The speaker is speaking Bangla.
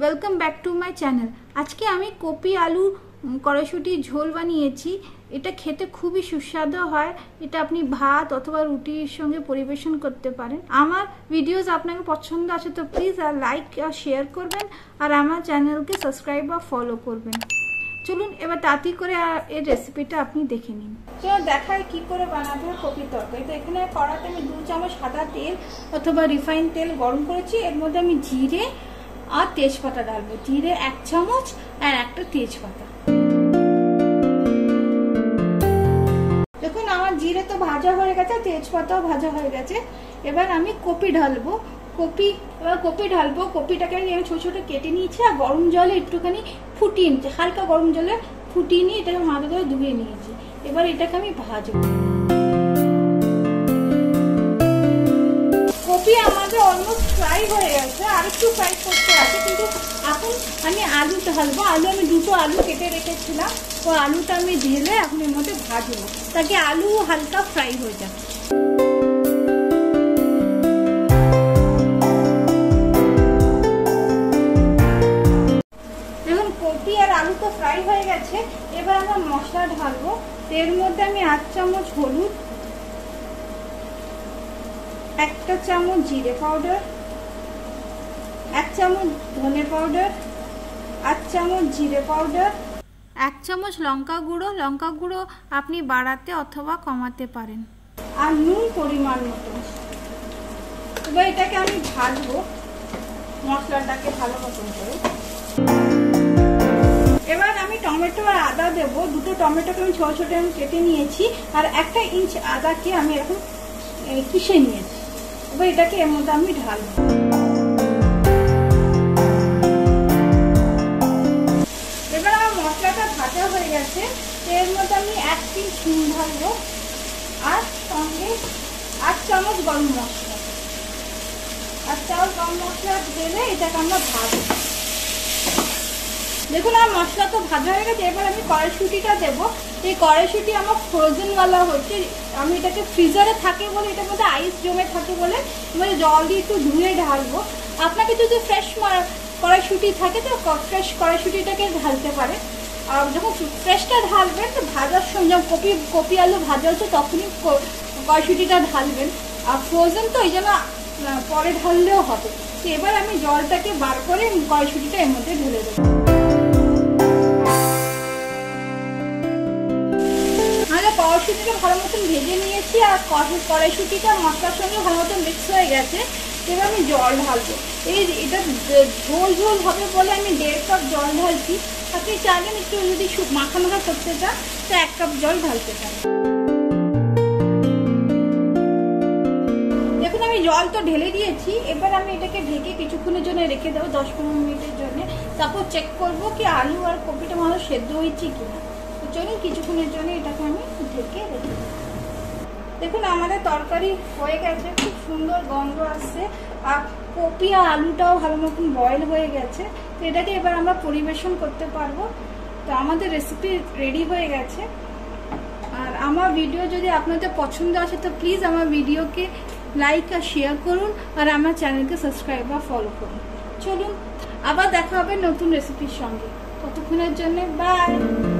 welcome back to my channel আজকে আমি কপি আলু কড়াইশুটি ঝোল বানিয়েছি এটা খেতে খুবই সুস্বাদু হয় এটা আপনি ভাত অথবা রুটির সঙ্গে পরিবেশন করতে পারেন আমার ভিডিওস আপনাকে পছন্দ আছে তো প্লিজ আর লাইক আর শেয়ার করবেন আর আমার চ্যানেলকে সাবস্ক্রাইব বা ফলো করবেন চলুন এবার তাঁতি করে এর রেসিপিটা আপনি দেখে নিন চলুন দেখায় কি করে বানাতে হয় কপির তরকারি তো এখানে কড়াতে আমি দু চামচ সাদা তেল অথবা রিফাইন তেল গরম করেছি এর মধ্যে আমি জিরে আর তেজপাতা ডালবো জিরে এক চামচ আর একটা তেজপাতা দেখুন আমার জিরে তো ভাজা হয়ে গেছে তেজপাতাও ভাজা হয়ে গেছে এবার আমি কপি ঢালবো কপি এবার কপি ঢালবো কপিটাকে আমি ছোটো ছোটো কেটে নিয়েছি আর গরম জলে একটুখানি ফুটিয়ে নিচ্ছি হালকা গরম জলে ফুটিয়ে নিয়ে এটাকে হাতে ধরে ধুয়ে নিয়েছি এবার এটাকে আমি ভাজবো কপি আমাদের অলমোস্ট ফ্রাই হয়ে গেছে একটু ফ্রাই করতে আছে কিন্তু এখন আমি আলুটা হালবো আলু আমি দুটো আলু কেটে রেখেছিলাম তো আলুটা আমি ঢেলে এখন এর মধ্যে ভাজবো তাকে আলু হালকা ফ্রাই হয়ে যাবে আর আলু তো ফ্রাই হয়ে গেছে এবার মশলা ঢালবো মধ্যে আমি চামচ হলুদ একটা চামচ জিরে পাউডার এক চামচ ধনে পাউডার এক চামচ জিরে পাউডার এক চামচ লঙ্কা গুঁড়ো লঙ্কা গুঁড়ো আপনি বাড়াতে অথবা কমাতে পারেন আর নুন পরিমাণ মতো এবার এটাকে আমি ভাজবো মশলাটাকে ভালো মতন করে এবার আমি টমেটো আর আদা দেব দুটো টমেটোকে আমি ছোটো ছোটো আমি কেটে নিয়েছি আর একটা ইঞ্চ আদাকে আমি এরকম কিসে নিয়েছি এবার এটাকে এর মধ্যে আমি ঢালবো গেছে এর মধ্যে আমি এক পিস হিম ঢালবো আর সঙ্গে আট চামচ গরম মশলা আট চামচ গরম মশলা ঢেলে এটাকে আমরা ভাজবো দেখুন আমার মশলা তো ভাজা হয়ে গেছে এবার আমি কড়াইশুটিটা দেবো এই কড়াইশুটি আমার ফ্রোজেনওয়ালা হচ্ছে আমি এটাকে ফ্রিজারে থাকে বলে এটার মধ্যে আইস জমে থাকে বলে এবারে জল দিয়ে একটু ধুয়ে ঢালবো আপনাকে যদি ফ্রেশ কড়াইশুটি থাকে তো ফ্রেশ কড়াইশুটিটাকে ঢালতে পারে যখন টুথপেস্টটা ঢালবেন তো ভাজার সময় যখন কপি কপি আলু ভাজা হচ্ছে তখনই কড়াইশুটিটা ঢালবেন আর ফ্রোজেন তো ওই জন্য পরে ঢাললেও হবে তো এবার আমি জলটাকে বার করে কড়াইশুটিটা এর মধ্যে ঢেলে দেবো কড়াইশুটিটা ভালো মতন ভেজে নিয়েছি আর কড়াইশুটিটা মশলার সঙ্গে ভালো মতন মিক্স হয়ে গেছে এবার আমি জল ঢালবো এই এটা ঝোল ঝোল হবে বলে আমি দেড় কাপ জল ঢালছি আপনি চাইবেন একটু যদি মাখা মাখা করতে চান তো এক কাপ জল ঢালতে চান দেখুন আমি জল তো ঢেলে দিয়েছি এবার আমি এটাকে ঢেকে কিছুক্ষণের জন্য রেখে দেবো দশ পনেরো মিনিটের জন্য তারপর চেক করব কি আলু আর কপিটা মানুষ সেদ্ধ হয়েছে কিনা তো চলুন কিছুক্ষণের জন্য এটাকে আমি ঢেকে রেখে দেবো দেখুন আমাদের তরকারি হয়ে গেছে খুব সুন্দর গন্ধ আসছে আর কপি আর আলুটাও ভালো মতন বয়েল হয়ে গেছে তো এটাকে এবার আমরা পরিবেশন করতে পারবো তো আমাদের রেসিপি রেডি হয়ে গেছে আর আমার ভিডিও যদি আপনাদের পছন্দ আসে তো প্লিজ আমার ভিডিওকে লাইক আর শেয়ার করুন আর আমার চ্যানেলকে সাবস্ক্রাইব বা ফলো করুন চলুন আবার দেখা হবে নতুন রেসিপির সঙ্গে ততক্ষণের জন্য বাই